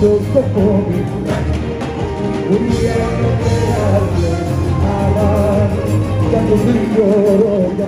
Santos como mi murieron de hambre, amar, ya no lloro, ya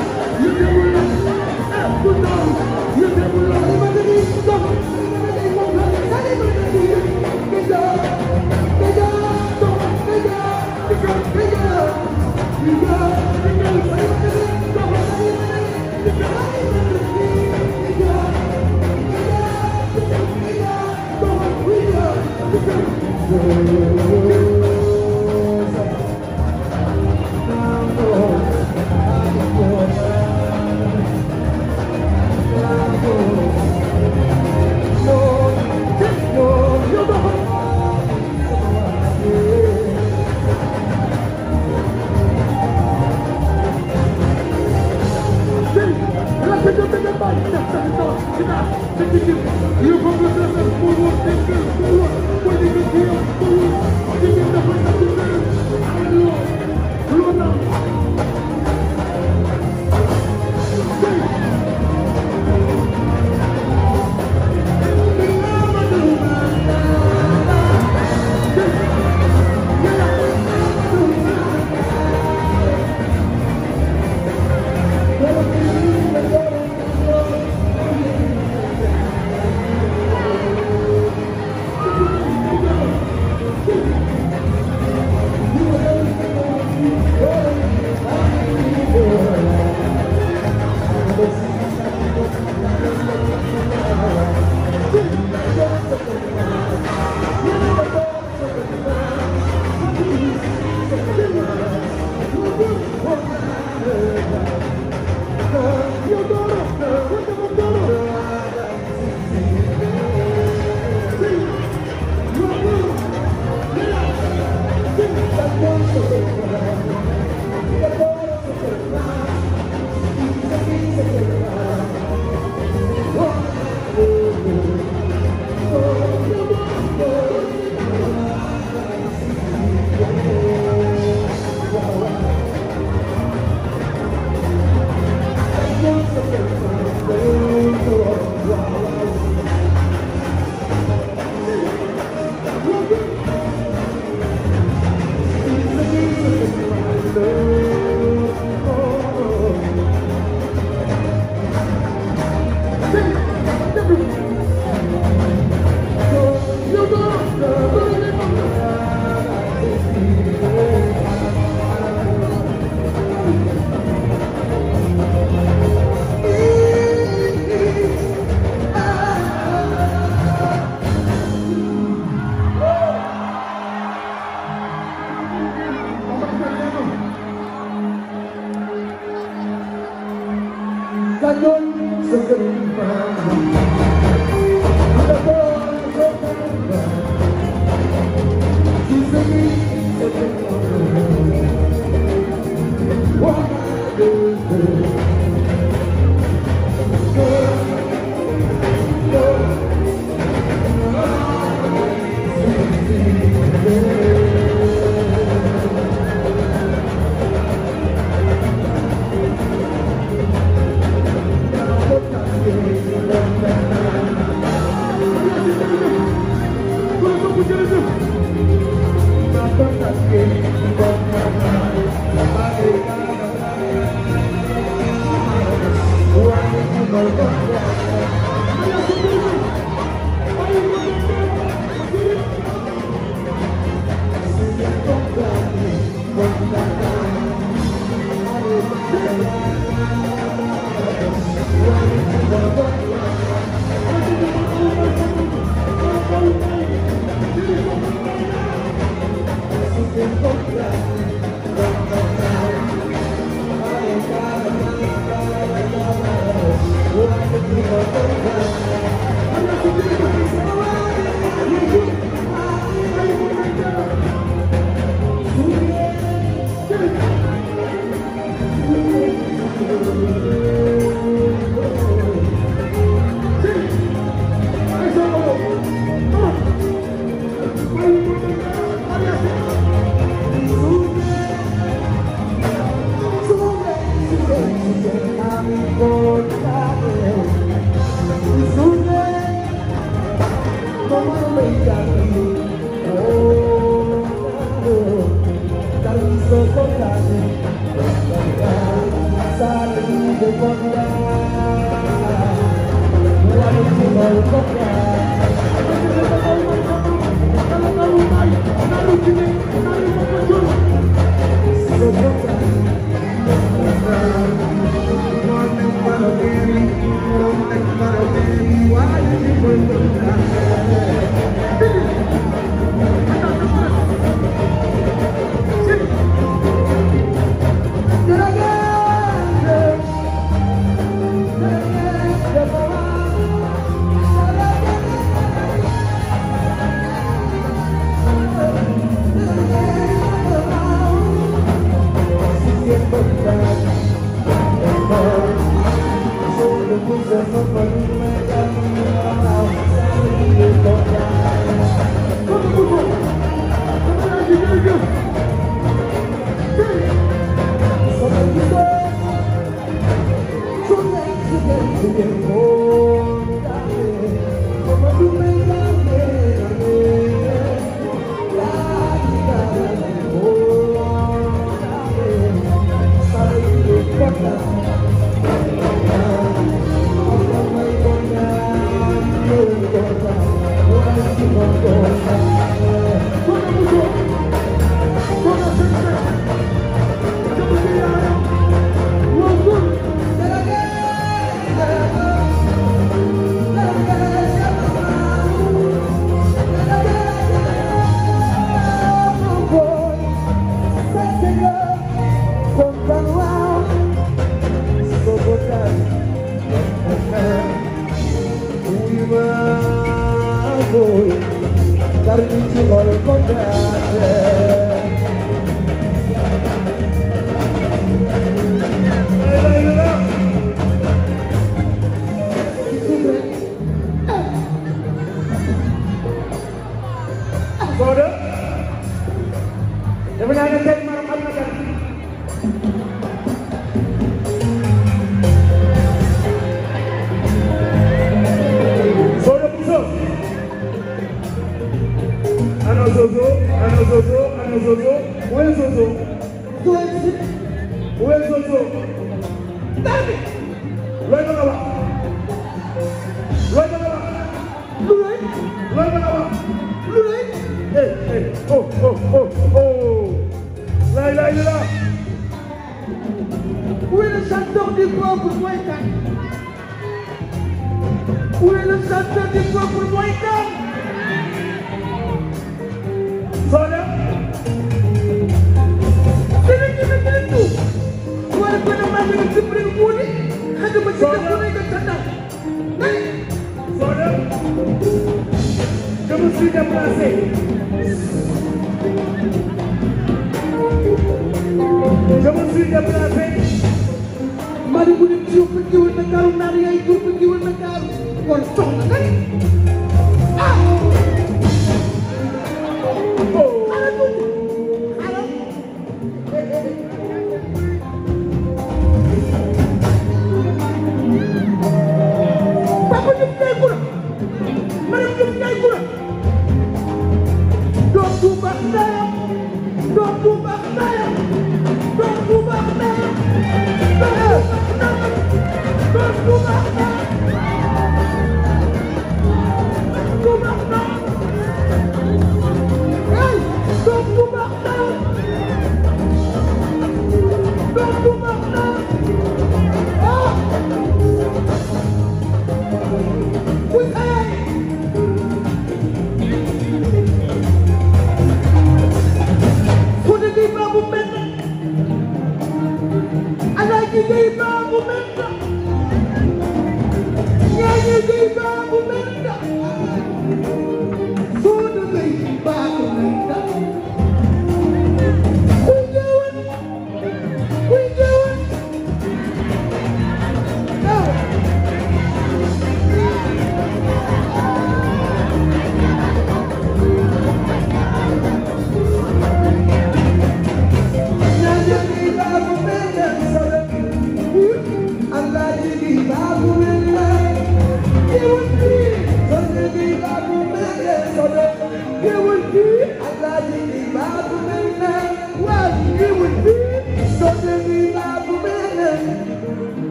Thank you. Yapabilirsiniz. Bunu tekrar bulun. Tekrar bulun. Thank you. booda defe naa ne Où est le chanteur du peuple Moïkan Où est le chanteur du peuple Moïkan Voilà. C'est lui qui me fait tout. Voilà que le mal est le plus bon. Je me suis détourné de Tata. Voilà. Je me suis déplacé. Je me suis déplacé. waaye bu nit yóbbu jiw na Ndakaaru naan yaay yóbbu jiw na Ndakaaru kon soxna nga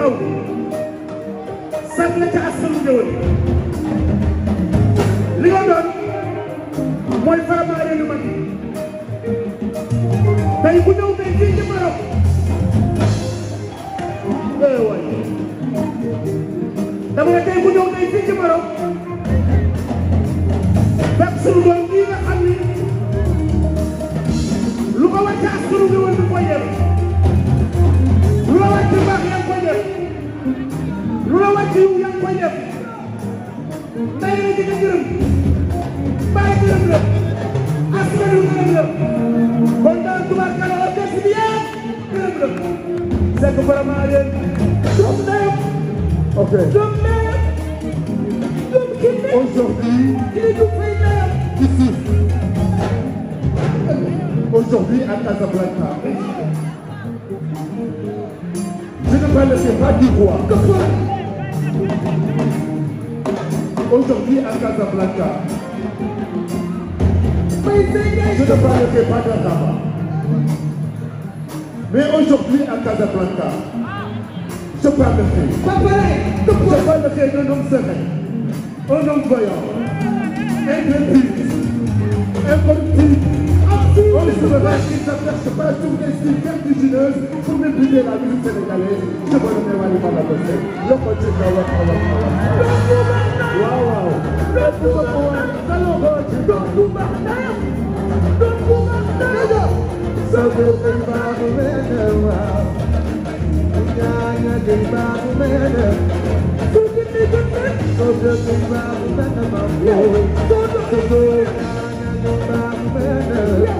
taxaw sànni ca askan njëwal li nga doon mooy faramare lu mag tey bu ñëw tey fii ci Maroc eh waay dama ne tey bu ñëw tey fii ci Maroc fekk sunu xam ni lu ko wàcc askan njëwal bi mooy yem la wàcc yiw yaa ngi koy def day la jëkk gërëm bàyyi gërëm la askan wi gërëm la kon daal tubaab kala la des bi yëpp gërëm la c'est que vraiment yéen doom ndeyam ok doom ndeyam aujourd'hui kii du fay ndeyam ici aujourd'hui à Casablanca je ne Aujourd'hui à Casablanca, je ne parlerai pas d'Azaba. Mais aujourd'hui à Casablanca, je parlerai. Je parlerai d'un homme serein, un homme voyant, intrépide, inventif. On se leva et s'attache pas sur des cibles vertigineuses pour réprimer la lutte sénégalaise. Je me remets à l'imam à bosser. Le coaching de Waka Waka Waka. Waouh, waouh. Le pouvoir, ça le roche. Le pouvoir, le pouvoir, ça le roche. Nyanya di baru mene, tujuh tujuh tujuh di baru mene mampu, tujuh tujuh nyanya di baru mene.